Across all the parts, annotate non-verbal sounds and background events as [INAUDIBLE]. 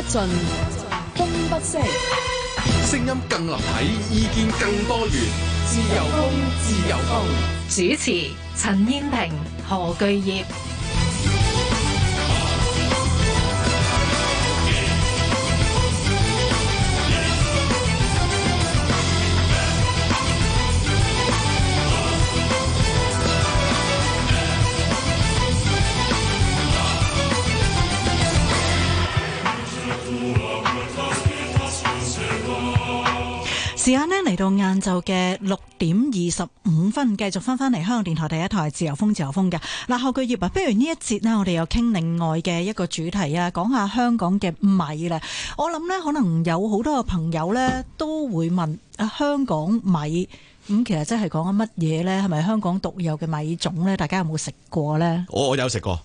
不盡風不息，聲音更立體，意見更多元，自由風，自由風。主持：陳燕萍、何巨業。到晏晝嘅六點二十五分，繼續返返嚟香港電台第一台《自由風》，自由風嘅。嗱、啊，后句葉啊，不如呢一節呢，我哋又傾另外嘅一個主題啊，講下香港嘅米啦。我諗呢，可能有好多嘅朋友呢，都會問，香港米咁、嗯、其實即係講緊乜嘢呢？係咪香港獨有嘅米種呢？大家有冇食過呢？我我有食過，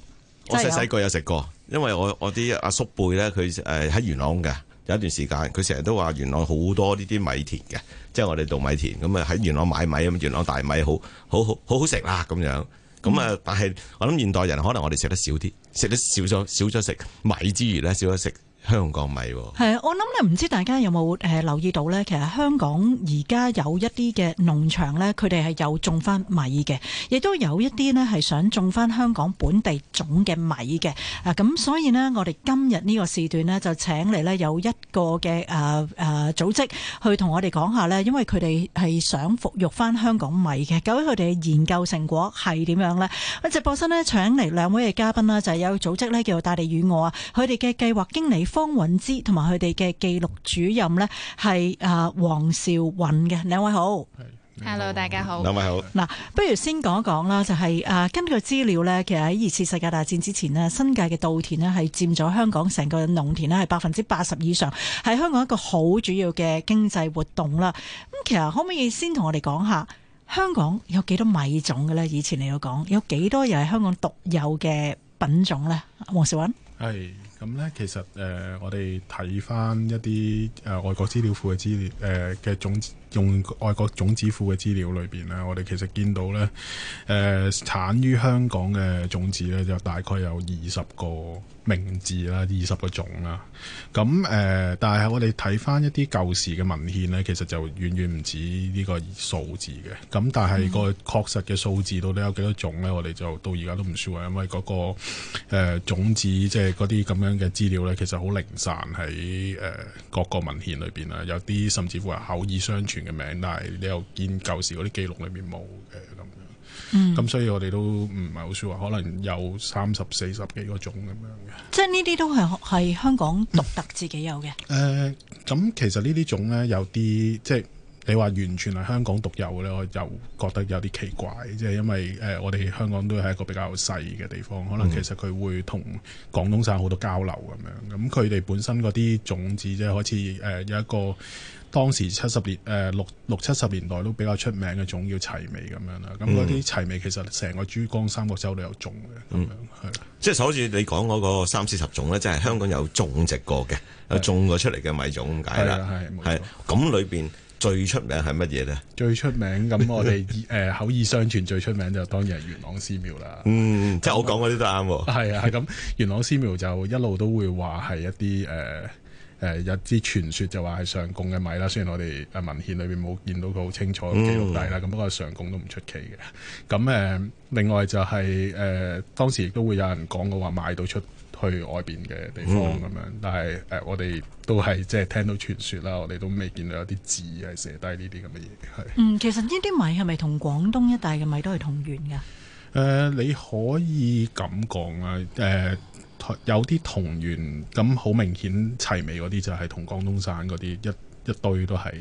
我細細個有食過，因為我我啲阿叔輩呢，佢誒喺元朗嘅。有一段時間，佢成日都話元朗好多呢啲米田嘅，即係我哋稻米田咁啊，喺元朗買米咁，元朗大米好好好好食啦咁樣。咁啊，但係我諗現代人可能我哋食得少啲，食得少咗少咗食米之餘咧，少咗食。香港米係、哦、啊，我諗咧唔知大家有冇誒、呃、留意到呢？其實香港而家有一啲嘅農場呢，佢哋係有種翻米嘅，亦都有一啲呢係想種翻香港本地種嘅米嘅。啊，咁所以呢，我哋今日呢個時段呢，就請嚟呢有一個嘅誒誒組織去同我哋講下呢，因為佢哋係想復育翻香港米嘅。究竟佢哋嘅研究成果係點樣咧？直播室呢，請嚟兩位嘅嘉賓啦，就係、是、有個組織咧叫做大地予我啊，佢哋嘅計劃經理，方韻芝同埋佢哋嘅記錄主任呢，係啊王韶昀嘅，兩位好。Hello 大家好。兩位好。嗱、啊，不如先講一講啦，就係、是、啊，根據資料呢，其實喺二次世界大戰之前呢，新界嘅稻田呢係佔咗香港成個農田呢係百分之八十以上，係香港一個好主要嘅經濟活動啦。咁其實可唔可以先同我哋講下香港有幾多米種嘅呢？以前你有講有幾多又係香港獨有嘅品種呢？王韶昀係。Hey. 咁咧，其實誒、呃，我哋睇翻一啲誒、呃、外國資料庫嘅資料誒嘅、呃、總。用外國種子庫嘅資料裏邊咧，我哋其實見到咧，誒、呃、產於香港嘅種子咧，就大概有二十個名字啦，二十個種啦。咁誒、呃，但係我哋睇翻一啲舊時嘅文獻咧，其實就遠遠唔止呢個數字嘅。咁但係個確實嘅數字到底有幾多種咧？我哋就到而家都唔 sure，因為嗰、那個誒、呃、種子即係嗰啲咁樣嘅資料咧，其實好零散喺誒、呃、各個文獻裏邊啦。有啲甚至乎係口耳相傳。嘅名，但係你又見舊時嗰啲記錄裏面冇嘅咁樣，咁、嗯、所以我哋都唔係好 s u 可能有三十四十幾個種咁樣嘅，即係呢啲都係係香港獨特自己有嘅。誒、嗯，咁、呃嗯、其實呢啲種咧有啲，即係你話完全係香港獨有咧，我又覺得有啲奇怪，即係因為誒、呃，我哋香港都係一個比較細嘅地方，可能其實佢會同廣東省好多交流咁樣。咁佢哋本身嗰啲種子啫，即好似誒、呃、有一個。當時七十年，誒六六七十年代都比較出名嘅種叫齊眉咁樣啦，咁嗰啲齊眉其實成個珠江三角洲都有種嘅，咁樣係即係好似你講嗰個三四十種咧，即係香港有種植過嘅，種咗出嚟嘅米種咁解啦。係咁，裏邊最出名係乜嘢咧？最出名咁，我哋誒口耳相傳最出名就當然係元朗絲苗啦。嗯，即係我講嗰啲都啱喎。係啊，係咁，元朗絲苗就一路都會話係一啲誒。誒有啲傳說就話係上貢嘅米啦，雖然我哋誒文獻裏邊冇見到佢好清楚記錄底啦，咁不過上貢都唔出奇嘅。咁誒、呃、另外就係、是、誒、呃、當時亦都會有人講過話買到出去外邊嘅地方咁樣，但係誒、呃、我哋都係即係聽到傳說啦，我哋都未見到有啲字係寫低呢啲咁嘅嘢。係。嗯，其實呢啲米係咪同廣東一帶嘅米都係同源嘅？誒、呃、你可以咁講啊，誒、呃。有啲同源咁，好明顯齊眉嗰啲就係同廣東省嗰啲一一堆都係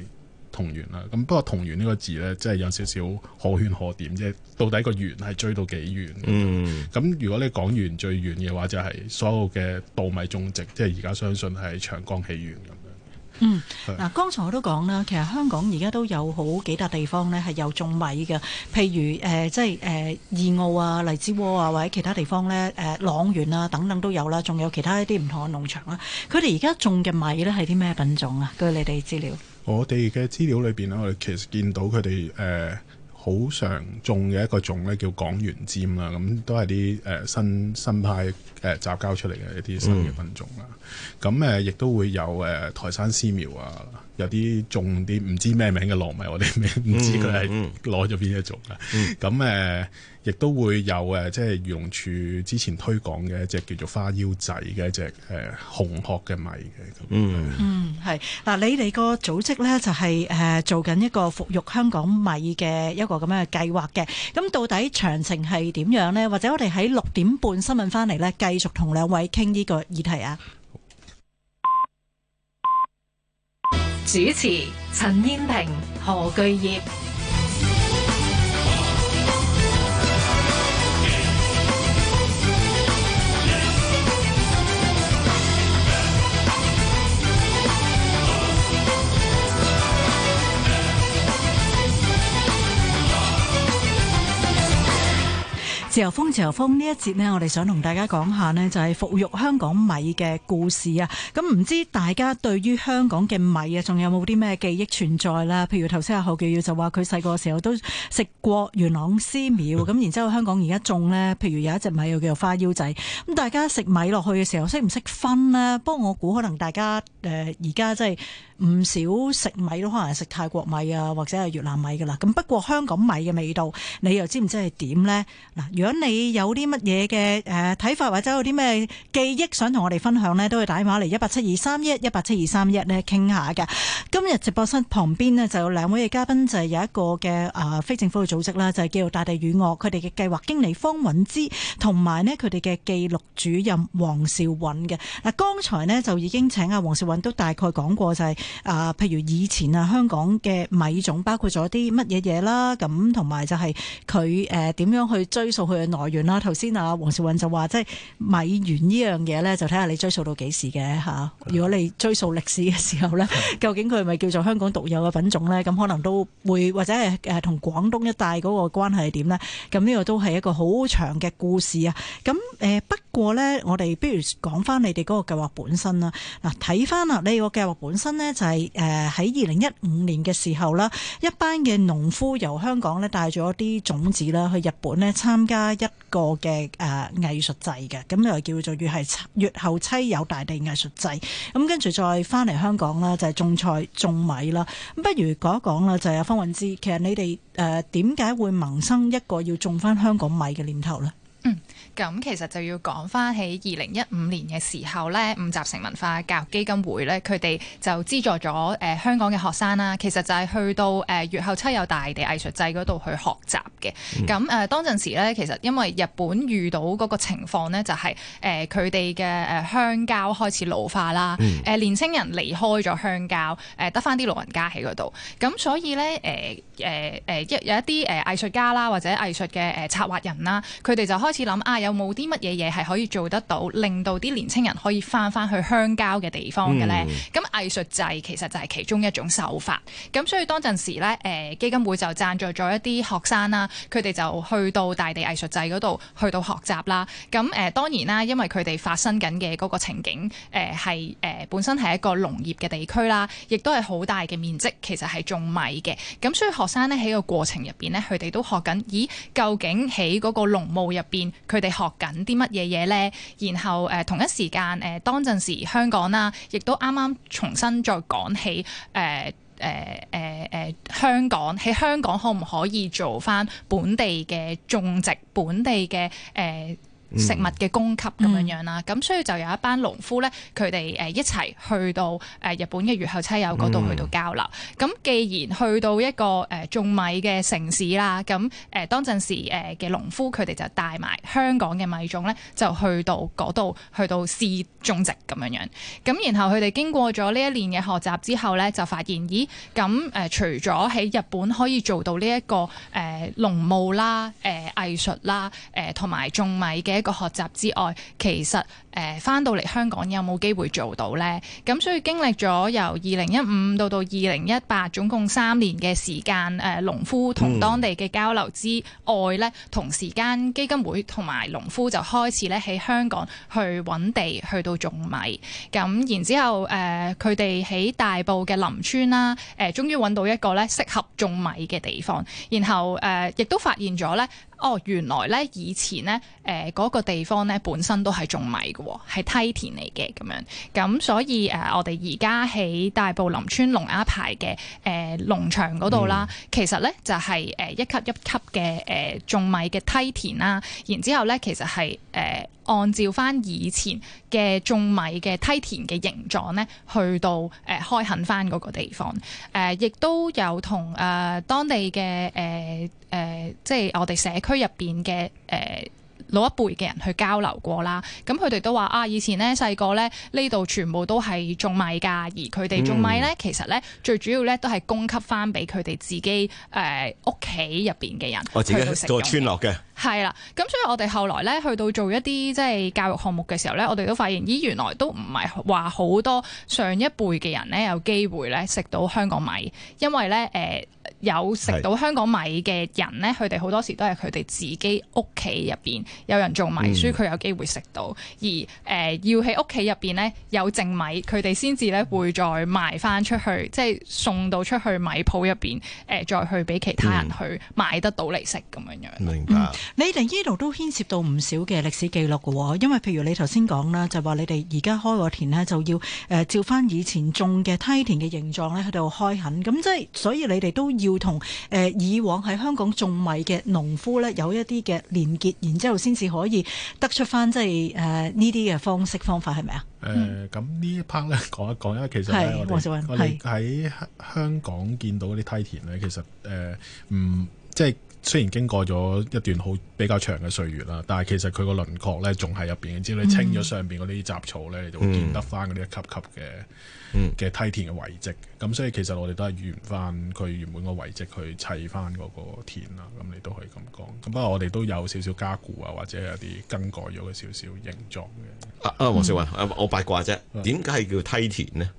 同源啦。咁不過同源呢個字呢，真係有少少可圈可點啫。到底個源係追到幾遠？咁，嗯，如果你講完「最遠」嘅話，就係、係、所有嘅稻米種植，即係而家相信係長江起源咁。嗯，嗱，剛才我都講啦，其實香港而家都有好幾笪地方咧，係有種米嘅，譬如誒、呃，即係誒、呃，二澳啊、荔枝窩啊，或者其他地方呢，誒、呃，朗遠啊等等都有啦，仲有其他一啲唔同嘅農場啦。佢哋而家種嘅米呢係啲咩品種啊？據你哋資料，我哋嘅資料裏邊呢，我哋其實見到佢哋誒。呃好常種嘅一個種咧，叫港元尖啦，咁都係啲誒新新派誒雜交出嚟嘅一啲新嘅品種啦。咁誒亦都會有誒台山絲苗啊，有啲種啲唔知咩名嘅糯米，我哋唔知佢係攞咗邊一種啦。咁誒、mm. mm. [LAUGHS] 嗯。亦都會有誒，即係漁農署之前推廣嘅一隻叫做花腰仔嘅一隻誒、呃、紅殼嘅米嘅。嗯嗯，係嗱樣、嗯，你哋個組織咧就係、是、誒、呃、做緊一個復育香港米嘅一個咁樣嘅計劃嘅。咁到底詳情係點樣呢？或者我哋喺六點半新聞翻嚟咧，繼續同兩位傾呢個議題啊。好主持陳燕萍、何巨業。自由風，自由風呢一節呢，我哋想同大家講下呢，就係復育香港米嘅故事啊！咁唔知大家對於香港嘅米啊，仲有冇啲咩記憶存在啦？譬如頭先阿何潔潔就話佢細個時候都食過元朗絲苗，咁、嗯、然之後香港而家種呢，譬如有一隻米又叫做花腰仔，咁大家食米落去嘅時候，識唔識分呢？不過我估，可能大家誒而家即係。呃唔少食米都可能係食泰國米啊，或者係越南米㗎啦。咁不過香港米嘅味道，你又知唔知係點呢？嗱，如果你有啲乜嘢嘅誒睇法，或者有啲咩記憶想同我哋分享呢，都可以打電話嚟一八七二三一一八七二三一呢，傾下嘅。今日直播室旁邊呢，就有兩位嘅嘉賓，就係有一個嘅誒非政府嘅組織啦，就係、是、叫做大地予我。佢哋嘅計劃經理方韻芝，同埋呢，佢哋嘅紀錄主任王韶昀嘅。嗱，剛才呢，就已經請阿王韶昀都大概講過就係、是。啊，譬如以前啊，香港嘅米種包括咗啲乜嘢嘢啦，咁同埋就係佢誒點樣去追溯佢嘅來源啦。頭先阿王韶昀就話即係米源呢樣嘢咧，就睇、是、下你追溯到幾時嘅吓。如果你追溯歷史嘅時候咧，究竟佢係咪叫做香港獨有嘅品種咧？咁的可能都會或者係誒同廣東一帶嗰個關係係點咧？咁呢個都係一個好長嘅故事啊。咁誒，不過咧，我哋不如講翻你哋嗰個計劃本身啦。嗱，睇翻啊，你個計劃本身咧。係誒喺二零一五年嘅時候啦，一班嘅農夫由香港咧帶咗啲種子啦去日本咧參加一個嘅誒藝術祭嘅，咁、呃、又叫做越係越後妻有大地藝術祭，咁、嗯、跟住再翻嚟香港啦，就係、是、種菜種米啦，咁、啊、不如講一講啦就係、是啊、方韻芝。其實你哋誒點解會萌生一個要種翻香港米嘅念頭呢？嗯，咁其實就要講翻起二零一五年嘅時候咧，五集成文化教育基金會咧，佢哋就資助咗誒、呃、香港嘅學生啦。其實就係去到誒越、呃、後妻有大地藝術祭嗰度去學習嘅。咁誒、嗯呃、當陣時咧，其實因為日本遇到嗰個情況咧、就是，就係誒佢哋嘅誒鄉郊開始老化啦，誒、嗯呃、年輕人離開咗鄉郊，誒得翻啲老人家喺嗰度。咁所以咧誒誒誒，有有一啲誒藝術家啦，或者藝術嘅誒策劃人啦，佢哋就開開始諗啊，有冇啲乜嘢嘢係可以做得到，令到啲年青人可以翻翻去鄉郊嘅地方嘅咧？咁藝術祭其實就係其中一種手法。咁所以當陣時咧，誒、呃、基金會就贊助咗一啲學生啦，佢哋就去到大地藝術祭嗰度去到學習啦。咁誒、呃，當然啦，因為佢哋發生緊嘅嗰個情景，誒係誒本身係一個農業嘅地區啦，亦都係好大嘅面積，其實係種米嘅。咁所以學生咧喺個過程入邊咧，佢哋都學緊，咦，究竟喺嗰個農務入邊？佢哋學緊啲乜嘢嘢咧？然後誒、呃、同一時間誒、呃、當陣時香港啦、啊，亦都啱啱重新再講起誒誒誒誒香港喺香港可唔可以做返本地嘅種植、本地嘅誒，呃食物嘅供給咁樣樣啦，咁、嗯、所以就有一班農夫咧，佢哋誒一齊去到誒日本嘅越後妻有嗰度去到交流。咁、嗯、既然去到一個誒種米嘅城市啦，咁誒當陣時誒嘅農夫佢哋就帶埋香港嘅米種咧，就去到嗰度去到試種植咁樣樣，咁然後佢哋經過咗呢一年嘅學習之後咧，就發現咦咁誒除咗喺日本可以做到呢、這個呃呃呃、一個誒農務啦、誒藝術啦、誒同埋種米嘅。個學習之外，其實誒翻、呃、到嚟，香港有冇機會做到呢？咁所以經歷咗由二零一五到到二零一八，總共三年嘅時間。誒、呃，農夫同當地嘅交流之外呢，同時間，基金會同埋農夫就開始咧喺香港去揾地去到種米。咁然之後誒，佢哋喺大埔嘅林村啦，誒、呃，終於搵到一個咧適合種米嘅地方。然後誒、呃，亦都發現咗呢。哦，原來咧以前咧，誒、呃、嗰、那個地方咧本身都係種米嘅，係梯田嚟嘅咁樣。咁所以誒、呃，我哋而家喺大埔林村龍丫排嘅誒農場嗰度啦，其實咧就係誒一級一級嘅誒、呃、種米嘅梯田啦。然之後咧，其實係誒，呃按照翻以前嘅種米嘅梯田嘅形狀咧，去到誒、呃、開墾翻嗰個地方，誒、呃、亦都有同誒、呃、當地嘅誒誒，即係我哋社區入邊嘅誒老一輩嘅人去交流過啦。咁佢哋都話啊，以前咧細個咧呢度全部都係種米㗎，而佢哋種米咧、嗯、其實咧最主要咧都係供給翻俾佢哋自己誒屋企入邊嘅人。我自己食做村落嘅。係啦，咁所以我哋後來咧，去到做一啲即係教育項目嘅時候咧，我哋都發現咦，原來都唔係話好多上一輩嘅人咧有機會咧食到香港米，因為咧誒、呃、有食到香港米嘅人咧，佢哋好多時都係佢哋自己屋企入邊有人做米，嗯、所以佢有機會食到。而誒、呃、要喺屋企入邊咧有剩米，佢哋先至咧會再賣翻出去，即係送到出去米鋪入邊誒，再去俾其他人去買得到嚟食咁樣樣。嗯、明白。嗯你哋呢度都牽涉到唔少嘅歷史記錄嘅喎、哦，因為譬如你頭先講啦，就話你哋而家開個田呢，就要誒照翻以前種嘅梯田嘅形狀咧喺度開墾，咁即係所以你哋都要同誒、呃、以往喺香港種米嘅農夫咧有一啲嘅連結，然之後先至可以得出翻即係誒呢啲嘅方式方法係咪啊？誒，咁、呃嗯、呢一 part 咧講一講啦，因為其實是王韶昀，我哋們喺香港見到嗰啲梯田咧，其實誒唔、呃嗯、即係。雖然經過咗一段好比較長嘅歲月啦，但係其實佢個輪廓咧，仲喺入邊，只要你清咗上邊嗰啲雜草咧，你就會見得翻嗰啲一級級嘅嘅梯田嘅遺跡。咁、嗯、所以其實我哋都係完翻佢原本個遺跡去砌翻嗰個田啦。咁你都可以咁講。咁不過我哋都有少少加固啊，或者有啲更改咗嘅少少形狀嘅、啊。啊啊，王韶昀，嗯、我八卦啫，點解係叫梯田呢？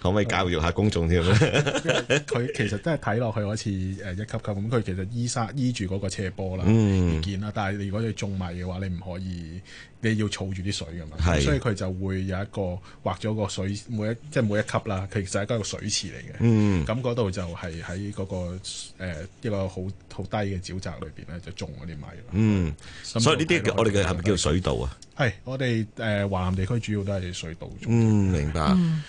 可唔可以教育下公眾添？佢 [LAUGHS] 其實真係睇落去好似誒一級一級咁，佢其實依山依住嗰個斜坡啦，嗯，見啦。但係如果你種米嘅話，你唔可以，你要儲住啲水㗎嘛。是所以佢就會有一個畫咗個水，每一即係每一級啦，佢其實係一個水池嚟嘅。嗯，咁嗰度就係喺嗰個一、呃一個好好低嘅沼澤裏邊咧，就種嗰啲米。嗯，裡所以呢啲我哋嘅係咪叫做水稻啊？係、嗯，我哋誒、呃、華南地區主要都係水稻種。嗯，明白。嗯。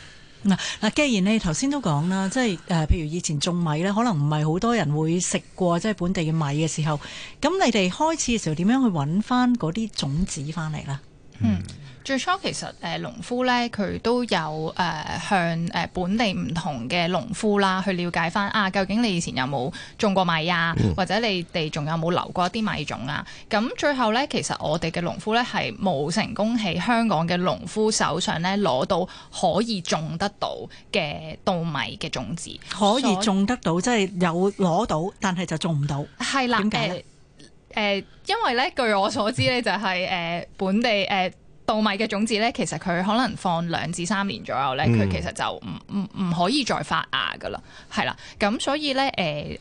嗱嗱，既然你頭先都講啦，即係誒，譬如以前種米咧，可能唔係好多人會食過，即係本地嘅米嘅時候，咁你哋開始嘅時候點樣去揾翻嗰啲種子翻嚟咧？嗯。最初其實誒、呃、農夫咧，佢都有誒、呃、向誒本地唔同嘅農夫啦，去了解翻啊，究竟你以前有冇種過米啊？嗯、或者你哋仲有冇留過一啲米種啊？咁最後咧，其實我哋嘅農夫咧係冇成功喺香港嘅農夫手上咧攞到可以種得到嘅稻米嘅種子，可以種得到，以即係有攞到，但係就種唔到。係啦，點解？誒誒、呃呃，因為咧，據我所知咧，就係、是、誒、呃、本地誒。呃呃呃稻米嘅種子咧，其實佢可能放兩至三年左右咧，佢其實就唔唔唔可以再發芽噶啦，係啦。咁所以咧，誒、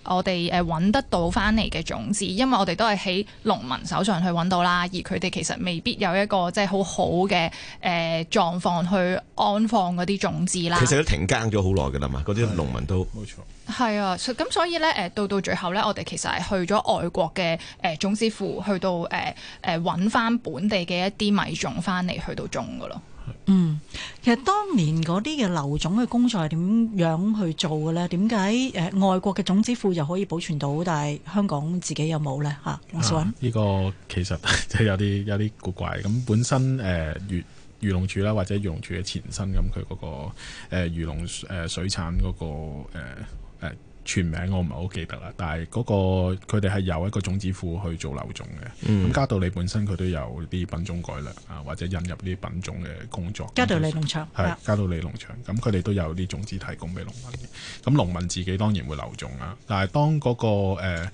呃、我哋誒揾得到翻嚟嘅種子，因為我哋都係喺農民手上去揾到啦，而佢哋其實未必有一個即係好好嘅誒狀況去安放嗰啲種子啦。其實都停耕咗好耐噶啦嘛，嗰啲農民都冇錯。係啊，咁所以咧，誒到到最後咧，我哋其實係去咗外國嘅誒種子庫，去到誒誒揾翻本地嘅一啲米種翻嚟去到種噶咯。嗯，其實當年嗰啲嘅留種嘅工作係點樣去做嘅咧？點解誒外國嘅種子庫就可以保存到，但係香港自己有冇咧嚇？黃呢、嗯嗯、個其實即係有啲有啲古怪咁。本身誒漁漁農處啦，或者漁農處嘅前身咁，佢嗰、嗰個誒漁農水產嗰、嗰個、呃全名我唔係好記得啦，但係嗰、嗰個佢哋係由一個種子庫去做留種嘅。咁、嗯、加道理本身佢都有啲品種改良啊，或者引入啲品種嘅工作。加道理農場係加道理農場，咁佢哋都有啲種子提供俾農民。咁農民自己當然會留種啦，但係當嗰、嗰個、呃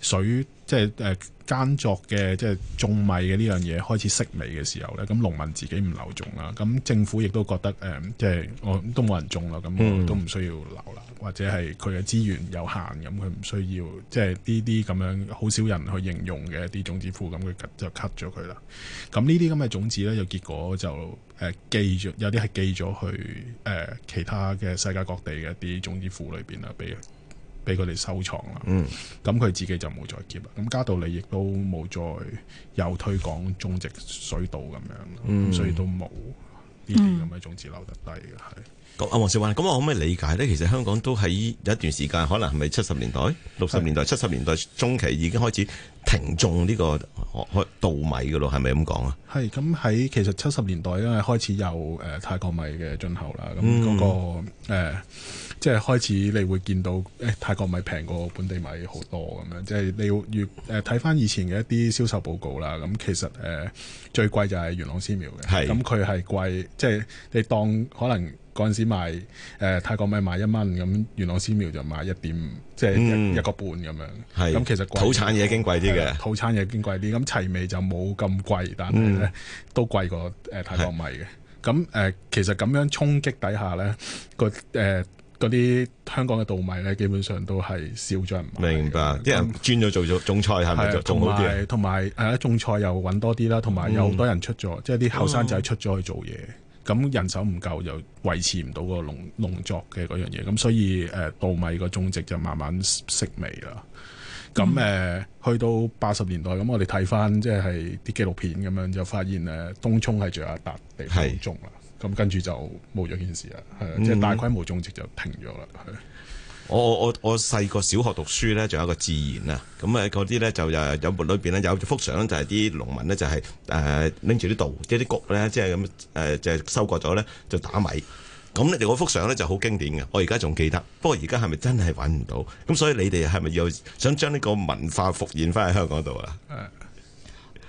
水即係誒耕作嘅，即係、呃、種米嘅呢樣嘢開始式微嘅時候咧，咁農民自己唔留種啦，咁政府亦都覺得誒、呃，即係我都冇人種啦，咁都唔需要留啦，或者係佢嘅資源有限，咁佢唔需要即係呢啲咁樣好少人去形容嘅一啲種子庫，咁佢就 cut 咗佢啦。咁呢啲咁嘅種子咧，就結果就誒寄咗，有啲係寄咗去誒、呃、其他嘅世界各地嘅一啲種子庫裏邊啦，俾俾佢哋收藏啦，咁佢、嗯、自己就冇再 keep，咁加到你亦都冇再有推廣種植水稻咁樣，嗯、所以都冇呢啲咁嘅種子留得低嘅係。嗯阿黃少雲，咁我可唔可以理解呢？其實香港都喺有一段時間，可能係咪七十年代、六十年代、七十年代中期已經開始停種呢個稻米嘅咯？係咪咁講啊？係咁，喺其實七十年代因為開始有誒、呃、泰國米嘅進口啦，咁嗰、那個、嗯呃、即係開始你會見到誒、欸、泰國米平過本地米好多咁樣，即係你要越誒睇翻以前嘅一啲銷售報告啦。咁其實誒、呃、最貴就係元朗絲苗嘅，咁佢係貴，即係你當可能。嗰陣時賣泰國米賣一蚊，咁元朗絲苗就賣一點五，即係一個半咁樣。係咁其實土產嘢已經貴啲嘅，土產嘢已經貴啲。咁齊味就冇咁貴，但係咧都貴過誒泰國米嘅。咁誒其實咁樣衝擊底下咧，個誒嗰啲香港嘅稻米咧，基本上都係少咗人買。明白，啲人轉咗做種種菜，係咪就仲好啲？同埋誒種菜又揾多啲啦，同埋有好多人出咗，即係啲後生仔出咗去做嘢。咁人手唔夠又維持唔到個農農作嘅嗰樣嘢，咁所以誒稻、呃、米個種植就慢慢式微啦。咁誒、嗯呃、去到八十年代，咁我哋睇翻即係啲紀錄片咁樣，就發現誒東涌係最有一笪地方種啦。咁是跟住就冇咗件事啦，係即係大規模種植就停咗啦。我我我我細個小學讀書咧，仲有一個自然啊，咁啊，嗰啲咧就誒有本裏邊咧有幅相就係啲農民咧就係誒拎住啲稻即係啲穀咧即係咁誒就係收割咗咧就打米，咁你哋嗰幅相咧就好經典嘅，我而家仲記得。不過而家係咪真係揾唔到？咁所以你哋係咪要想將呢個文化復現翻喺香港度啊？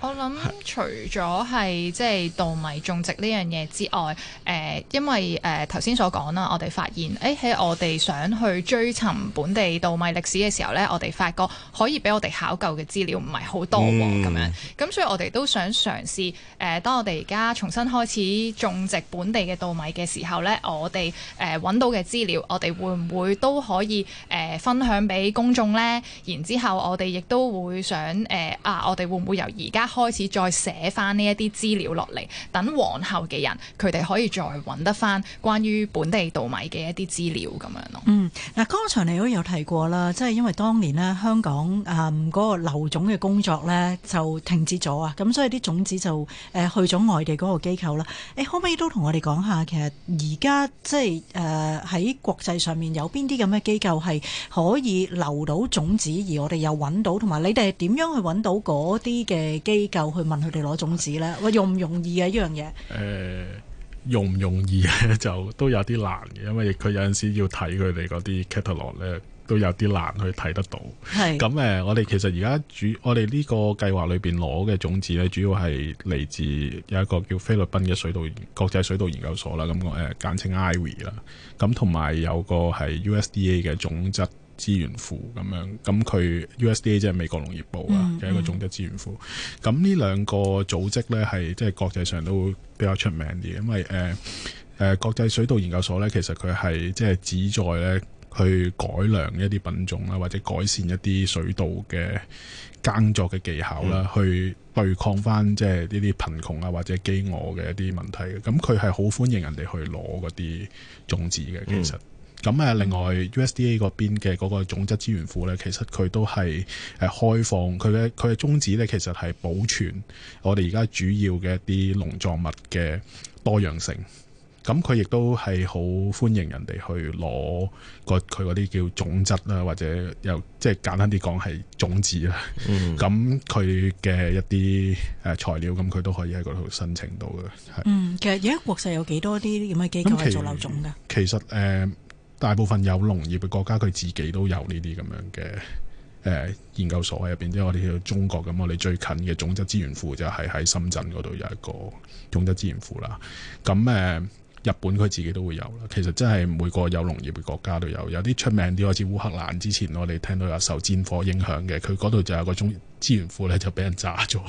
[NOISE] 我諗除咗係即係稻米種植呢樣嘢之外，誒、呃、因為誒頭先所講啦，我哋發現，誒、欸、喺我哋想去追尋本地稻米歷史嘅時候咧，我哋發覺可以俾我哋考究嘅資料唔係好多喎，咁、嗯、樣，咁所以我哋都想嘗試，誒、呃、當我哋而家重新開始種植本地嘅稻米嘅時候咧，我哋誒揾到嘅資料，我哋會唔會都可以誒、呃、分享俾公眾咧？然之後我哋亦都會想誒、呃、啊，我哋會唔會由而家開始再寫翻呢一啲資料落嚟，等往後嘅人佢哋可以再揾得翻關於本地稻米嘅一啲資料咁樣咯。嗯，嗱，剛才你都有提過啦，即係因為當年呢香港啊嗰、嗯嗰個留種嘅工作呢就停止咗啊，咁所以啲種子就誒去咗外地嗰個機構啦。誒、欸，可唔可以都同我哋講下，其實而家即係誒喺國際上面有邊啲咁嘅機構係可以留到種子，而我哋又揾到，同埋你哋係點樣去揾到嗰啲嘅機機構去問佢哋攞種子咧，喂，容唔容易啊呢樣嘢？誒、 [LAUGHS] 嗯，容唔容易咧、啊、 [LAUGHS] 就都有啲難嘅，因為佢有陣時要睇佢哋嗰啲 catalog 咧。都有啲難去睇得到。咁誒是、嗯，我哋其實而家主我哋呢個計劃裏邊攞嘅種子呢，主要係嚟自有一個叫菲律賓嘅水稻國際水稻研究所啦。咁我誒簡稱 IRRI 啦。咁同埋有個係 USDA 嘅種質資源庫咁樣。咁佢 USDA 即係美國農業部啊嘅一個種質資源庫。咁呢、嗯嗯、兩個組織呢，係即係國際上都比較出名啲，因為誒誒、呃呃、國際水稻研究所呢，其實佢係即係旨在呢。去改良一啲品種啦，或者改善一啲水稻嘅耕作嘅技巧啦，嗯、去對抗翻即係呢啲貧窮啊或者飢餓嘅一啲問題嘅。咁佢係好歡迎人哋去攞嗰啲種子嘅。其實，咁啊、嗯，另外、嗯、USDA 嗰邊嘅嗰個種質資源庫咧，其實，佢都係誒開放。佢嘅佢嘅宗旨咧，其實，係保存我哋而家主要嘅一啲農作物嘅多樣性。咁佢亦都係好歡迎人哋去攞個佢嗰啲叫種質啦，或者又即係簡單啲講係種子啦。咁佢嘅一啲誒材料，咁佢都可以喺嗰度申請到嘅。係。嗯，其實而家國際有幾多啲咁嘅機構係做留種㗎？其實誒、呃，大部分有農業嘅國家佢自己都有呢啲咁樣嘅誒、呃、研究所喺入邊。即係我哋叫中國咁，我哋最近嘅種質資源庫就係喺深圳嗰度有一個種質資源庫啦。咁誒。呃日本佢自己都會有啦，其實真係每個有農業嘅國家都有，有啲出名啲，好似烏克蘭之前，我哋聽到有受戰火影響嘅，佢嗰度就有個種資源庫咧就俾人炸咗，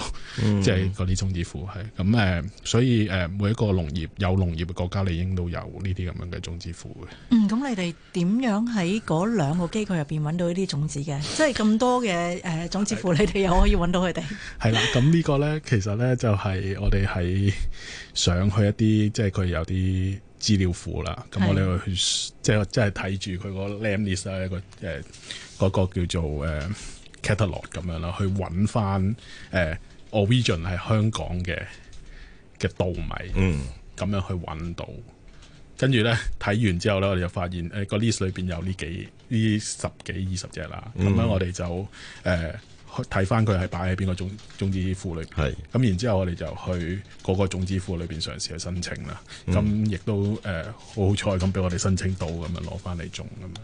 嗯、即係嗰啲種子庫係咁誒，所以誒、呃、每一個農業有農業嘅國家，你應該都有呢啲咁樣嘅種子庫嘅。嗯，咁你哋點樣喺嗰兩個機構入邊揾到呢啲種子嘅？ [LAUGHS] 即係咁多嘅誒、呃、種子庫，你哋又可以揾到佢哋？係啦的，咁 [LAUGHS] 呢個咧，其實咧就係、是、我哋喺想去一啲，即係佢有啲資料庫啦。咁我哋去的即係即係睇住佢個 list 一個誒嗰個叫做誒。呃 catalog 咁樣啦，去揾翻誒 origin 係香港嘅嘅稻米，嗯，咁樣去揾到，跟住咧睇完之後咧，我哋就發現誒、呃、個 list 裏邊有呢幾呢十幾二十隻啦，咁、嗯、樣我哋就誒睇翻佢係擺喺邊個種種子庫裏邊，係咁是然之後我哋就去嗰個種子庫裏邊嘗試去申請啦，咁亦、嗯、都誒好彩咁俾我哋申請到咁樣攞翻嚟種咁樣。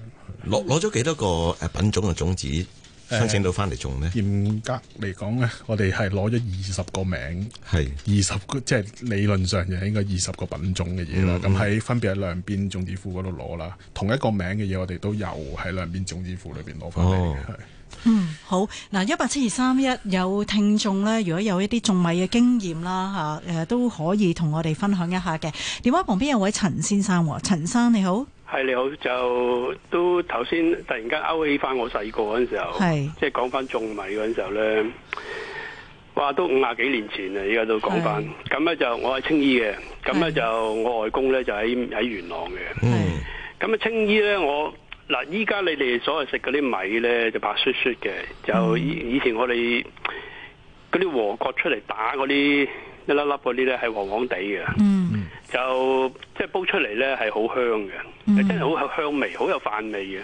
攞攞咗幾多個誒品種嘅種子？申請到翻嚟仲咩？嚴格嚟講咧，我哋係攞咗二十個名，係二十個，即係理論上係應該二十個品種嘅嘢啦。咁喺、嗯、分別喺兩邊種子庫嗰度攞啦，同一個名嘅嘢我哋都又喺兩邊種子庫裏邊攞翻嚟嘅。哦、是嗯，好嗱，一八七二三一有聽眾呢，如果有一啲種米嘅經驗啦嚇，誒、啊啊、都可以同我哋分享一下嘅。電話旁邊有位陳先生，陳生你好。係，你好，就都頭先突然間勾起翻我細個嗰陣時候，是即係講翻種米嗰陣時候咧，話都五廿幾年前啦，依家都講翻。咁咧是就我係青衣嘅，咁咧就是我外公咧就喺喺元朗嘅。咁啊青衣咧，我嗱依家你哋所謂食嗰啲米咧就白雪雪嘅，就以前我哋嗰啲禾角出嚟打嗰啲一粒粒嗰啲咧係黃黃地嘅。是嗯就即係煲出嚟咧，係好香嘅，真係好有香味，好有飯味嘅。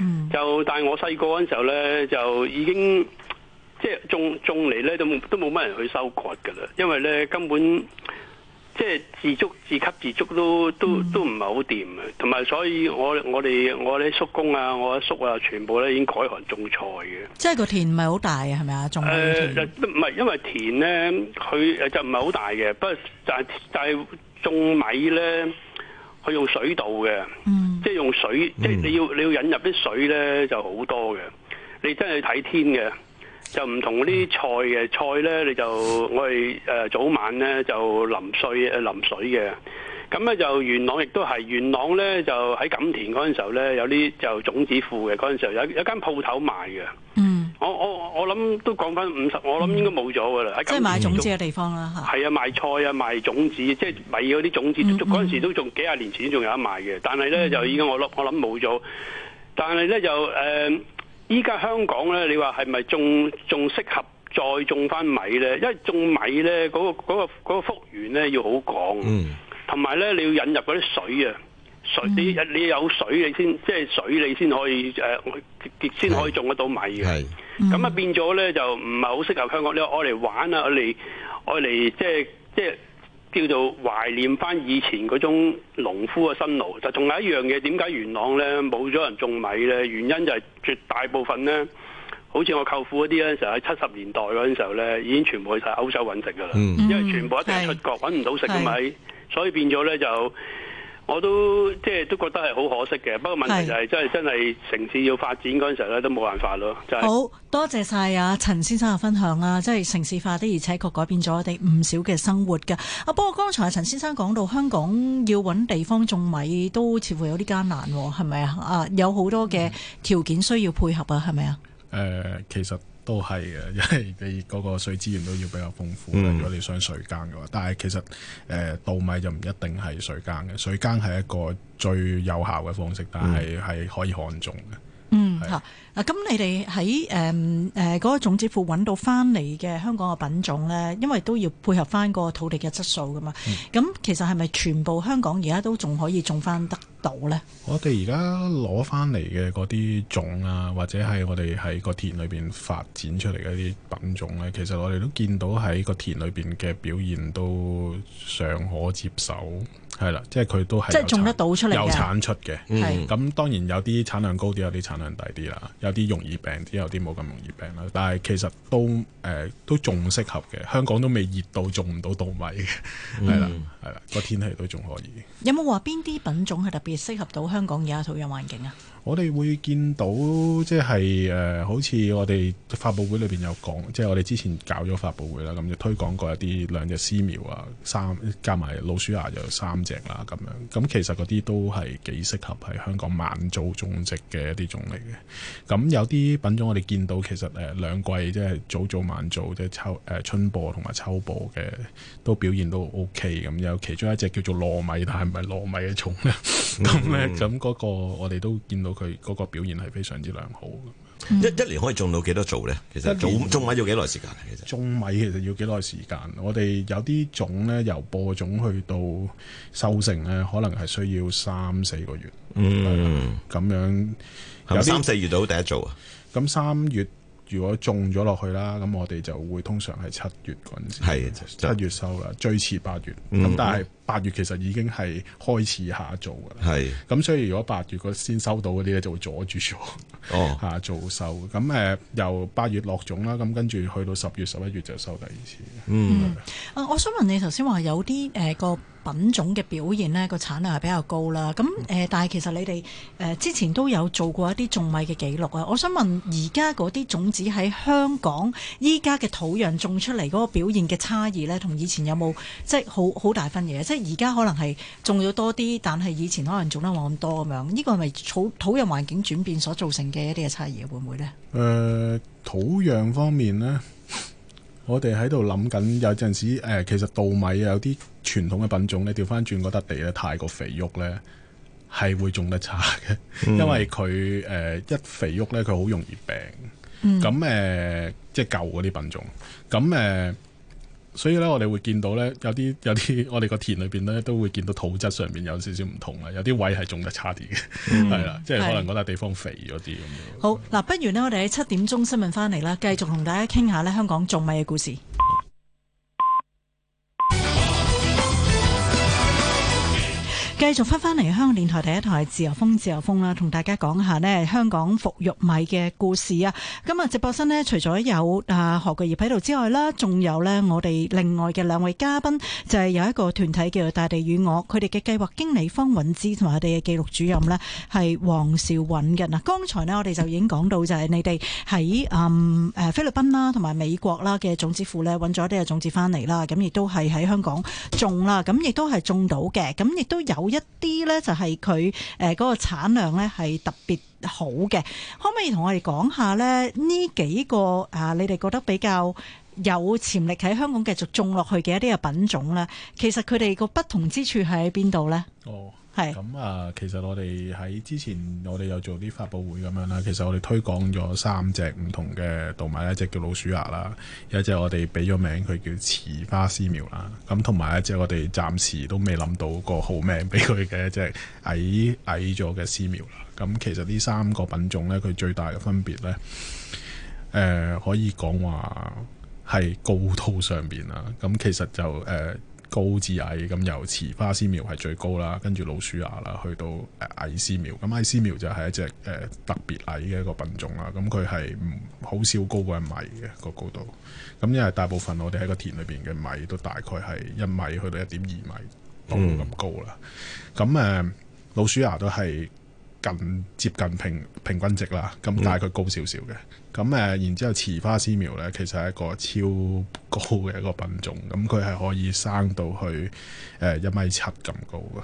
嗯、就但係我細個嗰陣時候咧，就已經即係種種嚟咧，都都冇乜人去收割噶啦，因為咧根本即係自足自給自足都都、嗯、都唔係好掂嘅。同埋，所以我我哋我啲叔公啊，我阿叔啊，全部咧已經改行種菜嘅。即係個田唔係好大啊，係咪啊？種咩田？唔係、呃，因為田咧佢就唔係好大嘅，不過但係但係。種米咧，佢用水稻嘅，嗯、即係用水，嗯、即係你要你要引入啲水咧就好多嘅，你真係睇天嘅，就唔同嗰啲菜嘅菜咧，你就我哋誒、呃、早晚咧就淋水誒淋水嘅，咁咧就元朗亦都係元朗咧就喺錦田嗰陣時候咧有啲就種子庫嘅嗰陣時候有一一間鋪頭賣嘅。嗯我我我諗都講翻五十，我諗應該冇咗噶啦。嗯、即係買種子嘅地方啦，係、嗯、啊，賣菜啊，賣種子，即係米嗰啲種子，嗰陣時都仲幾廿年前，仲有得賣嘅。但係咧就已經我諗我諗冇咗。但係咧就誒，依、呃、家香港咧，你話係咪種仲適合再種翻米咧？因為種米咧，嗰、那個嗰、那個嗰、那個復原咧要好講，同埋咧你要引入嗰啲水啊。水你，你有水你先即係水你先可以誒，先、呃、可以種得到米嘅。咁啊變咗呢，就唔係好適合香港。你愛嚟玩啊，我嚟我嚟即係即係叫做懷念翻以前嗰種農夫嘅辛勞。就仲有一樣嘢，點解元朗呢冇咗人種米呢？原因就係絕大部分呢，好似我舅父嗰啲呢，就喺七十年代嗰陣時候呢已經全部去晒歐洲揾食噶啦。嗯、因為全部一定係出國揾唔是到食嘅米，所以變咗呢就。我都即係都覺得係好可惜嘅，不過問題就係、是、是真係真係城市要發展嗰陣時咧，都冇辦法咯。好多謝晒啊陳先生嘅分享啊，即係城市化的而且確改變咗我哋唔少嘅生活噶。啊，不過剛才陳先生講到香港要揾地方種米都似乎有啲艱難，哦，係咪啊？啊，有好多嘅條件需要配合啊，係咪啊？誒、嗯，其實。都係嘅，因為你嗰個水資源都要比較豐富。嗯、如果你想水耕嘅話，但係其實誒呃、稻米就唔一定係水耕嘅，水耕係一個最有效嘅方式，但係係、嗯、可以看中嘅。嗯。係、嗯咁你哋喺誒誒嗰個種子庫揾到翻嚟嘅香港嘅品種咧，因為都要配合翻嗰個土地嘅質素噶嘛。咁、嗯、其實係咪全部香港而家都仲可以種翻得到咧？我哋而家攞翻嚟嘅嗰啲種啊，或者係我哋喺個田裏邊發展出嚟嘅一啲品種咧，其實我哋都見到喺個田裏邊嘅表現都尚可接受，係啦，即係佢都係即係種得到出嚟，有產出嘅。咁、嗯、當然有啲產量高啲，有啲產量低啲啦。有啲容易病，啲有啲冇咁容易病啦。但係其實都誒、呃、都仲適合嘅，香港都未熱到種唔到稻米嘅，係啦係啦，個 [LAUGHS] 天氣都仲可以。嗯、 [LAUGHS] 有冇話邊啲品種係特別適合到香港而家土壤環境啊？我哋會見到即係誒，好似我哋發佈會裏邊有講，即係我哋之前搞咗發佈會啦，咁就推廣過一啲兩隻絲苗啊，三加埋老鼠牙就有三隻啦，咁樣咁其實嗰啲都係幾適合喺香港晚造種植嘅一啲種嚟嘅。咁有啲品種我哋見到其實誒兩季即係早造晚造即係秋誒春播同埋秋播嘅都表現都 O K 咁。有其中一隻叫做糯米，但係唔係糯米嘅種咧？咁咧咁嗰個我哋都見到。佢嗰個表現係非常之良好，一、嗯、一年可以種到幾多造咧？其實種種米要幾耐時間？其實種米其實要幾耐時間？我哋有啲種咧，由播種去到收成咧，可能係需要三四個月。嗯，咁樣有三四月到第一造啊。咁三月如果種咗落去啦，咁我哋就會通常係七月嗰陣時，係七月收噶，最遲八月。咁、嗯、但係。八月其實已經係開始下做㗎啦，係咁是所以如果八月個先收到嗰啲咧就會阻住咗，哦下、啊、造收咁誒、呃、由八月落種啦，咁跟住去到十月十一月就收第二次。嗯，啊是、嗯呃，我想問你頭先話有啲誒個品種嘅表現咧個產量係比較高啦，咁誒、呃、但係其實你哋誒、呃、之前都有做過一啲種米嘅記錄啊，我想問而家嗰啲種子喺香港依家嘅土壤種出嚟嗰個表現嘅差異咧，同以前有冇即係好好，好大分嘢？即而家可能係種咗多啲，但係以前可能種得冇咁多咁樣，呢個係咪土土壤環境轉變所造成嘅一啲嘅差異會唔會呢？誒、呃，土壤方面呢，我哋喺度諗緊，有陣時誒，其實稻米有啲傳統嘅品種咧，調翻轉嗰笪地咧太過肥沃咧，係會種得差嘅，嗯、因為佢誒、呃、一肥沃咧，佢好容易病。咁誒、嗯呃，即係舊嗰啲品種，咁誒。呃所以咧，我哋會見到咧，有啲有啲，我哋個田裏邊咧，都會見到土質上面有少少唔同啊。有啲位係種得差啲嘅，係啦、嗯，即係可能嗰笪地方肥咗啲咁樣。好嗱，不如呢，我哋喺七點鐘新聞翻嚟啦，繼續同大家傾下咧香港種米嘅故事。嗯。繼續翻翻嚟香港電台第一台自由風自由風啦，同大家講下呢香港服玉米嘅故事啊！咁啊，直播室呢，除咗有啊何國業喺度之外啦，仲有呢我哋另外嘅兩位嘉賓，就係、是、有一個團體叫做大地與我，佢哋嘅計劃經理方韻芝同埋我哋嘅紀錄主任呢，係王韶昀嘅嗱。剛才呢，我哋就已經講到就，就係你哋喺誒菲律賓啦同埋美國啦嘅種子庫呢，揾咗啲嘅種子翻嚟啦，咁亦都係喺香港種啦，咁亦都係種到嘅，咁亦都有。一啲咧就係佢，誒嗰個產量咧係特別好嘅，可唔可以同我哋講下咧呢幾個啊？你哋覺得比較有潛力喺香港繼續種落去嘅一啲嘅品種咧？其實佢哋個不同之處係喺邊度咧？哦。Oh. 咁啊是、嗯，其實我哋喺之前，我哋有做啲發佈會咁樣啦。其實我哋推廣咗三隻唔同嘅動物，一隻叫老鼠牙啦，有一隻我哋俾咗名佢叫雌花絲苗啦。咁同埋一隻我哋暫時都未諗到個好名俾佢嘅一隻矮矮咗嘅絲苗啦。咁、嗯、其實呢三個品種咧，佢最大嘅分別咧，誒、呃、可以講話係高度上邊啦。咁、嗯、其實就誒。呃高至矮咁由慈花絲苗係最高啦，跟住老鼠牙啦，去到矮絲苗。咁矮絲苗就係一隻誒特別矮嘅一個品種啦。咁佢係唔好少高過米嘅個高度。咁因為大部分我哋喺個田裏邊嘅米都大概係一米去到一點二米度咁高啦。咁誒、嗯嗯、老鼠牙都係。近接近平平均值啦，咁大概高少少嘅，咁誒的然之後，慈花絲苗呢，其實係一個超高嘅一個品種，咁佢係可以生到去呃、一米七咁高嘅。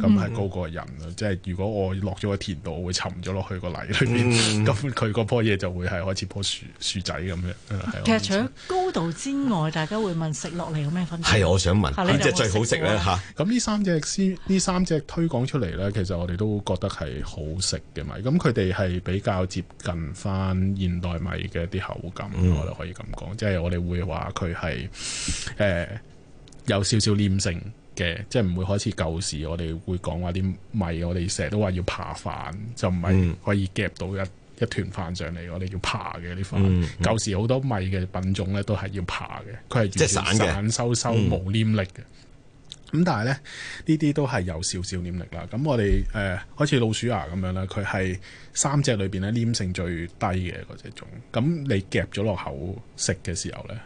咁係、嗯、高過人啦，即係如果我落咗個田度，我會沉咗落去個泥裏邊。咁佢嗰棵嘢就會係好似棵樹樹仔咁樣。其實除咗高度之外，嗯、大家會問食落嚟有咩分別？係我想問，呢隻最好食咧嚇。咁呢三隻先，呢三隻推廣出嚟咧，其實我哋都覺得係好食嘅米。咁佢哋係比較接近翻現代米嘅一啲口感，嗯、我哋可以咁講。即係我哋會話佢係誒有少少黏性。嘅，即係唔會開始舊時我哋會講話啲米，我哋成日都話要扒飯，就唔係可以夾到一一團飯上嚟，我哋要扒嘅啲飯。嗯嗯、舊時好多米嘅品種咧，都係要扒嘅，佢係完全散收收、冇黏力嘅。咁、嗯、但係咧，呢啲都係有少少黏力啦。咁我哋誒，好、呃、似老鼠牙咁樣啦，佢係三隻裏邊咧黏性最低嘅嗰隻種。咁你夾咗落口食嘅時候咧，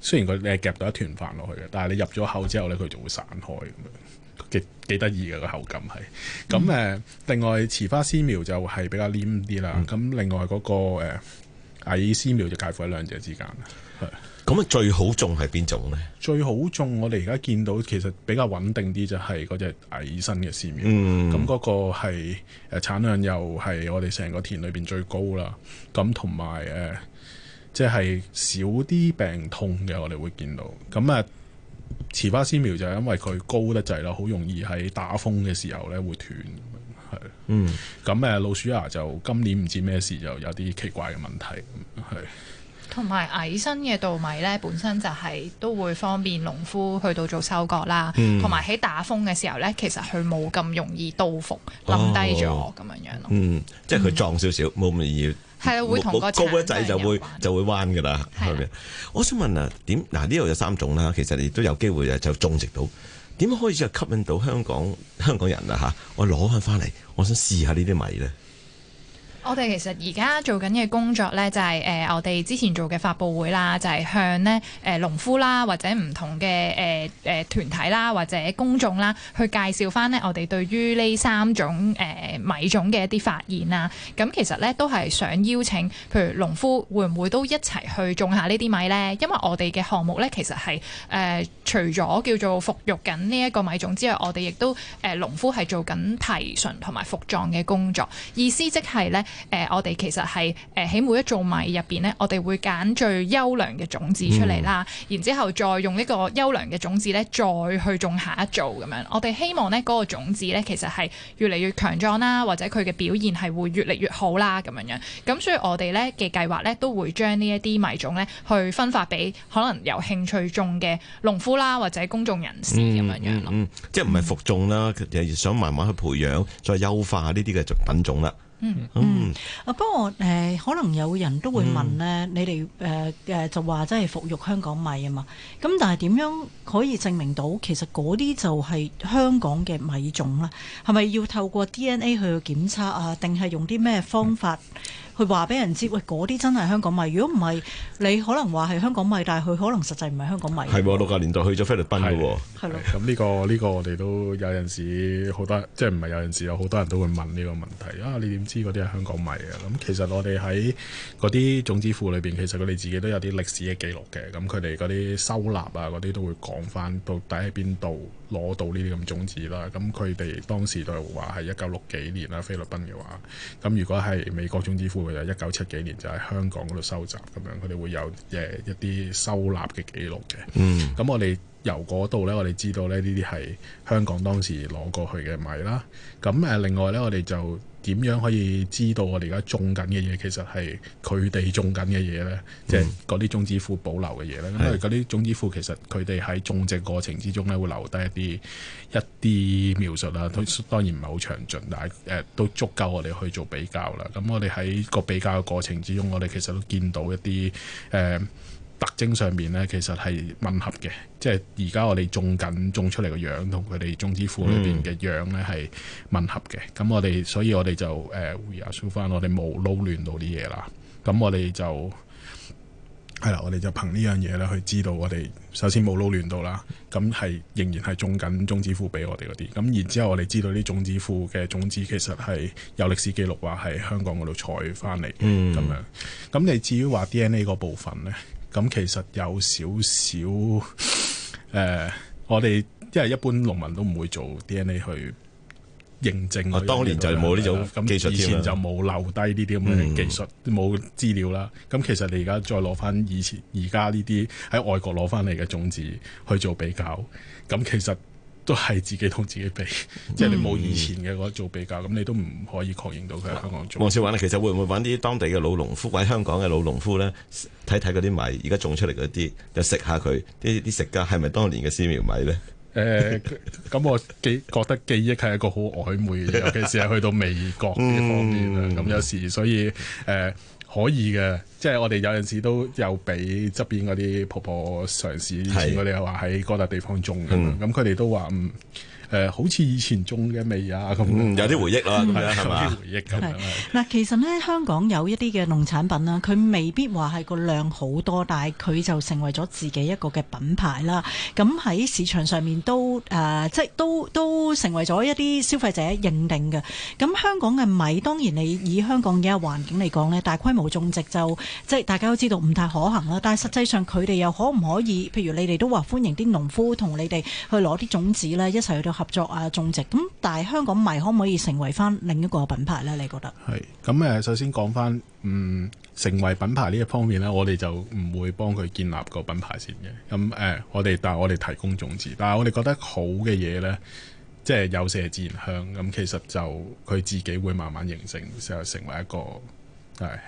雖然佢你係夾到一團飯落去嘅，但係你入咗口之後咧，佢仲會散開咁樣，幾幾得意嘅個口感係。咁誒，嗯、另外池花絲苗就係比較黏啲啦。咁、嗯、另外嗰、嗰個誒矮絲苗就介乎喺兩者之間。係咁啊，最好種係邊種咧？最好種我哋而家見到其實比較穩定啲就係嗰隻矮身嘅絲苗。咁嗰、嗯、個係誒產量又係我哋成個田裏邊最高啦。咁同埋誒。即係少啲病痛嘅，我哋會見到。咁啊，遲花絲苗就係因為佢高得滯咯，好容易喺打風嘅時候咧會斷。係嗯，咁誒老鼠牙就今年唔知咩事，就有啲奇怪嘅問題。係同埋矮身嘅稻米咧，本身就係都會方便農夫去到做收割啦。同埋喺打風嘅時候咧，其實佢冇咁容易刀倒伏，冧低咗咁樣樣咯。嗯，即係佢壯少少，冇咁、嗯、容易。係啊，會同高一仔就會有關 就會彎噶啦，係咪？啊、我想問啊，點嗱呢度有三種啦，其實你都有機會就種植到。點樣開始吸引到香港香港人啊？嚇，我攞翻翻嚟，我想試下呢啲米咧。我哋其實而家做緊嘅工作咧，就係、是、誒、呃、我哋之前做嘅發佈會啦，就係、是、向咧誒農夫啦，或者唔同嘅誒誒團體啦，或者公眾啦，去介紹翻咧我哋對於呢三種誒、呃、米種嘅一啲發現啊。咁、嗯、其實咧都係想邀請，譬如農夫會唔會都一齊去種下呢啲米咧？因為我哋嘅項目咧，其實係誒、呃、除咗叫做復育緊呢一個米種之外，我哋亦都誒農、呃、夫係做緊提純同埋復壯嘅工作，意思即係咧。呢誒、呃，我哋其實係誒喺每一種米入邊咧，我哋會揀最優良嘅種子出嚟啦。嗯、然之後再用呢個優良嘅種子咧，再去種下一造咁樣。我哋希望咧嗰、那個種子咧，其實係越嚟越強壯啦，或者佢嘅表現係會越嚟越好啦咁樣樣。咁所以我哋咧嘅計劃咧，都會將呢一啲米種咧去分發俾可能有興趣種嘅農夫啦，或者公眾人士咁樣樣、嗯。嗯，嗯即係唔係服種啦？誒、嗯，想慢慢去培養，再優化呢啲嘅品種啦。嗯嗯，嗯嗯啊不過誒，可能有人都會問咧，嗯、你哋誒誒就話真係復育香港米啊嘛？咁但係點樣可以證明到其實嗰啲就係香港嘅米種啦？係咪要透過 DNA 去去檢測啊？定係用啲咩方法？嗯佢話俾人知，喂嗰啲真係香港米。如果唔係你可能話係香港米，但係佢可能實際唔係香港米。係六十年代去咗菲律賓嘅喎。係咯，咁呢、 [LAUGHS] 嗯呢個呢、呢個我哋都有陣時好多，即係唔係有陣時有好多人都會問呢個問題啊？你點知嗰啲係香港米啊？咁、嗯、其實我哋喺嗰啲種子庫裏邊，其實佢哋自己都有啲歷史嘅記錄嘅。咁佢哋嗰啲收納啊，嗰啲都會講翻到底喺邊度。攞到呢啲咁種子啦，咁佢哋當時都係話係一九六幾年啦，菲律賓嘅話，咁如果係美國種子庫，佢就一九七幾年就喺香港嗰度收集咁樣，佢哋會有誒一啲收納嘅記錄嘅。嗯，咁我哋由嗰度呢，我哋知道呢呢啲係香港當時攞過去嘅米啦。咁誒，另外呢，我哋就。點樣可以知道我哋而家種緊嘅嘢其實係佢哋種緊嘅嘢呢？Mm hmm. 即係嗰啲種子庫保留嘅嘢呢？咁、mm hmm. 因為嗰啲種子庫其實佢哋喺種植過程之中咧會留低一啲一啲描述啦、啊。都當然唔係好詳盡，但係、呃、都足夠我哋去做比較啦。咁、嗯、我哋喺個比較嘅過程之中，我哋其實都見到一啲誒。呃特徵上面咧，其實係吻合嘅，即係而家我哋種緊種出嚟嘅樣同佢哋種子庫裏邊嘅樣咧係吻合嘅。咁、嗯、我哋，所以我哋就誒會啊 show 翻，我哋冇撈亂到啲嘢啦。咁我哋就係啦，我哋就憑呢樣嘢咧去知道我哋首先冇撈亂到啦。咁係仍然係種緊種子庫俾我哋嗰啲。咁然之後我哋知道啲種子庫嘅種子其實係有歷史記錄話喺香港嗰度採翻嚟咁樣。咁你至於話 DNA 個部分咧？咁其實有少少誒，我哋因為一般農民都唔會做 DNA 去認證。我當年就冇呢種技術，以前就冇留低呢啲咁嘅技術，冇、嗯、資料啦。咁其實你而家再攞翻以前而家呢啲喺外國攞翻嚟嘅種子去做比較，咁其實。都係自己同自己比，嗯、即係你冇以前嘅嗰做比較，咁你都唔可以確認到佢喺香港做。王韶昀咧，其實會唔會揾啲當地嘅老農夫，或者香港嘅老農夫咧，睇睇嗰啲米，而家種出嚟嗰啲，就食下佢啲啲食家係咪當年嘅絲苗米咧？誒、 [LAUGHS] 呃，咁我記覺得記憶係一個好曖昧，尤其是係去到美國呢、嗯、方面啦。咁、嗯、有時所以誒。呃可以嘅，即係我哋有陣時都有俾側邊嗰啲婆婆嘗試，以前我哋又話喺各大地方種嘅，咁佢哋都話嗯。誒、呃，好似以前種嘅味啊，咁、嗯、有啲回憶啦、係啊，回憶嗱，係嘛？ [LAUGHS] 其實咧，香港有一啲嘅農產品啦，佢未必話係個量好多，但係佢就成為咗自己一個嘅品牌啦。咁喺市場上面都誒、呃，即係都都成為咗一啲消費者認定嘅。咁香港嘅米當然你以香港嘅環境嚟講呢，大規模種植就即係大家都知道唔太可行啦。但係實際上佢哋又可唔可以？譬如你哋都話歡迎啲農夫同你哋去攞啲種子咧，一齊去到。合作啊，種植咁，但係香港米可唔可以成為翻另一個品牌呢？你覺得？係咁誒，首先講翻，嗯，成為品牌呢一方面呢，我哋就唔會幫佢建立個品牌先嘅。咁、嗯、誒、嗯，我哋但係我哋提供種子，但係我哋覺得好嘅嘢呢，即係有四自然香，咁、嗯、其實就佢自己會慢慢形成，成為一個係。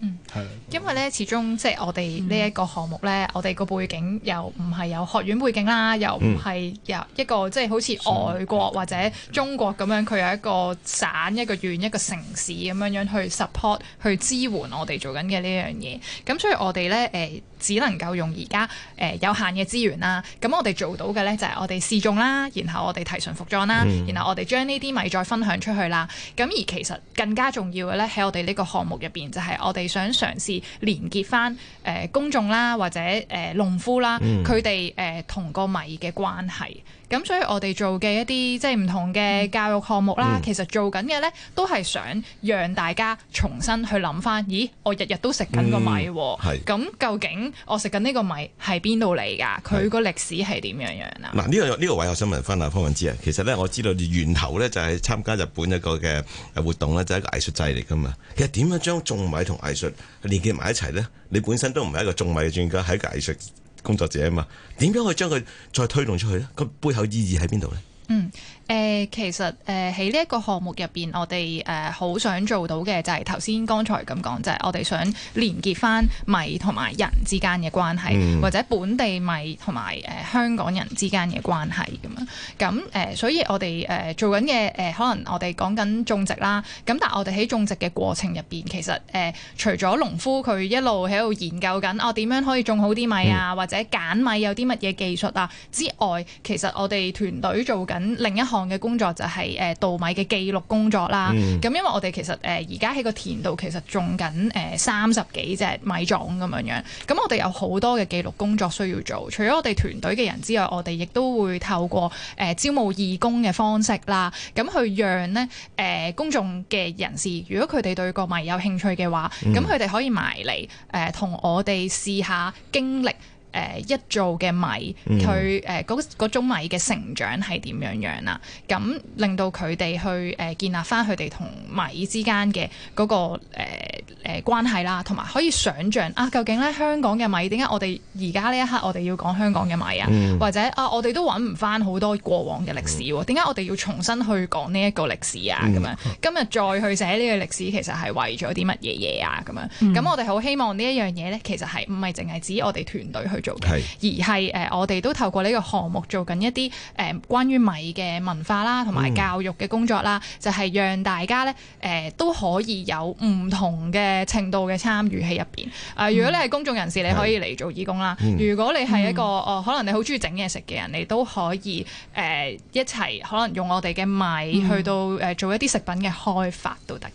嗯，係，因為咧，始終即係我哋呢一個項目咧，嗯、我哋個背景又唔係有學院背景啦，嗯、又唔係有一個即係、就是、好似外國或者中國咁樣，佢有一個省、一個縣、一個城市咁樣樣去 support 去支援我哋做緊嘅呢樣嘢。咁所以我哋咧，誒、呃，只能夠用而家誒有限嘅資源啦。咁我哋做到嘅咧就係我哋試種啦，然後我哋提純復壯啦，嗯、然後我哋將呢啲米再分享出去啦。咁而其實更加重要嘅咧喺我哋呢個項目入邊就係我哋。想嘗試連結翻誒、呃、公眾啦，或者誒呃、農夫啦，佢哋誒同個米嘅關係。咁所以我哋做嘅一啲即係唔同嘅教育項目啦，嗯、其實做緊嘅咧都係想讓大家重新去諗翻，咦？我日日都食緊個米，咁、嗯、究竟我食緊呢個米係邊度嚟㗎？佢個歷史係點樣樣啊？嗱、嗯，呢、這個呢、這個位我想問翻阿方韻芝啊，其實咧我知道源頭咧就係、是、參加日本一個嘅活動咧，就係、是、一個藝術祭嚟㗎嘛。其實點樣將種米同藝術連結埋一齊咧？你本身都唔係一個種米嘅專家，係一個藝術。工作者啊嘛，點樣可以將佢再推動出去咧？咁背後意義喺邊度咧？嗯。誒、呃，其實誒喺呢一個項目入邊，我哋誒好想做到嘅就係頭先剛才咁講，就係、是、我哋想連結翻米同埋人之間嘅關係，嗯、或者本地米同埋誒香港人之間嘅關係咁樣。咁誒、呃，所以我哋誒、呃、做緊嘅誒，可能我哋講緊種植啦。咁但係我哋喺種植嘅過程入邊，其實誒、呃，除咗農夫佢一路喺度研究緊，我、哦、點樣可以種好啲米啊，或者揀米有啲乜嘢技術啊、嗯、之外，其實我哋團隊做緊另一項嘅工作就係誒稻米嘅記錄工作啦。咁、嗯、因為我哋其實誒而家喺個田度其實種緊誒三十幾隻米種咁樣樣。咁我哋有好多嘅記錄工作需要做。除咗我哋團隊嘅人之外，我哋亦都會透過誒、呃、招募義工嘅方式啦，咁去讓咧誒公眾嘅人士，如果佢哋對個米有興趣嘅話，咁佢哋可以埋嚟誒同我哋試下經歷。誒、呃、一造嘅米，佢誒、呃、嗰種米嘅成長係點樣樣啦、啊？咁令到佢哋去誒、呃、建立翻佢哋同米之間嘅嗰個誒誒、呃呃、關係啦，同埋可以想象啊，究竟咧香港嘅米點解我哋而家呢一刻我哋要講香港嘅米啊？嗯、或者啊，我哋都揾唔翻好多過往嘅歷史點、啊、解我哋要重新去講呢一個歷史啊？咁樣今日再去寫呢個歷史，其實係為咗啲乜嘢嘢啊？咁樣咁、嗯、我哋好希望一呢一樣嘢咧，其實係唔係淨係指我哋團隊去？做是而係誒、呃，我哋都透過呢個項目做緊一啲誒、呃，關於米嘅文化啦，同埋教育嘅工作啦，嗯、就係讓大家咧誒、呃、都可以有唔同嘅程度嘅參與喺入邊。誒、呃，如果你係公眾人士，嗯、你可以嚟做義工啦。嗯、如果你係一個誒、呃，可能你好鍾意整嘢食嘅人，你都可以誒、呃、一齊可能用我哋嘅米去到誒做一啲食品嘅開發都得。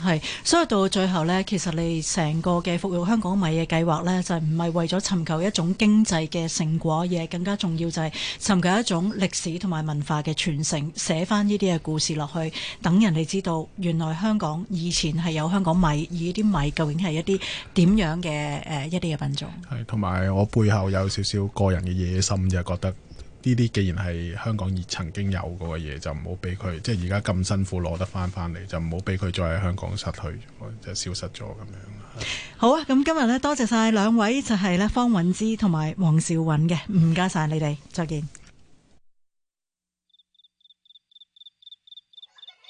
係，所以到最後呢，其實你成個嘅復育香港米嘅計劃呢，就係唔係為咗尋求一種經濟嘅成果，而係更加重要就係尋求一種歷史同埋文化嘅傳承，寫翻呢啲嘅故事落去，等人哋知道原來香港以前係有香港米，而呢啲米究竟係一啲點樣嘅誒、呃、一啲嘅品種。係，同埋我背後有少少個人嘅野心，就啫，覺得。呢啲既然係香港曾經有過嘅嘢，就唔好俾佢即係而家咁辛苦攞得翻翻嚟，就唔好俾佢再喺香港失去，就消失咗咁樣。好啊，咁今日咧多謝晒兩位，就係、是、咧方韻芝同埋王韶昀嘅，唔該晒你哋，嗯、再見。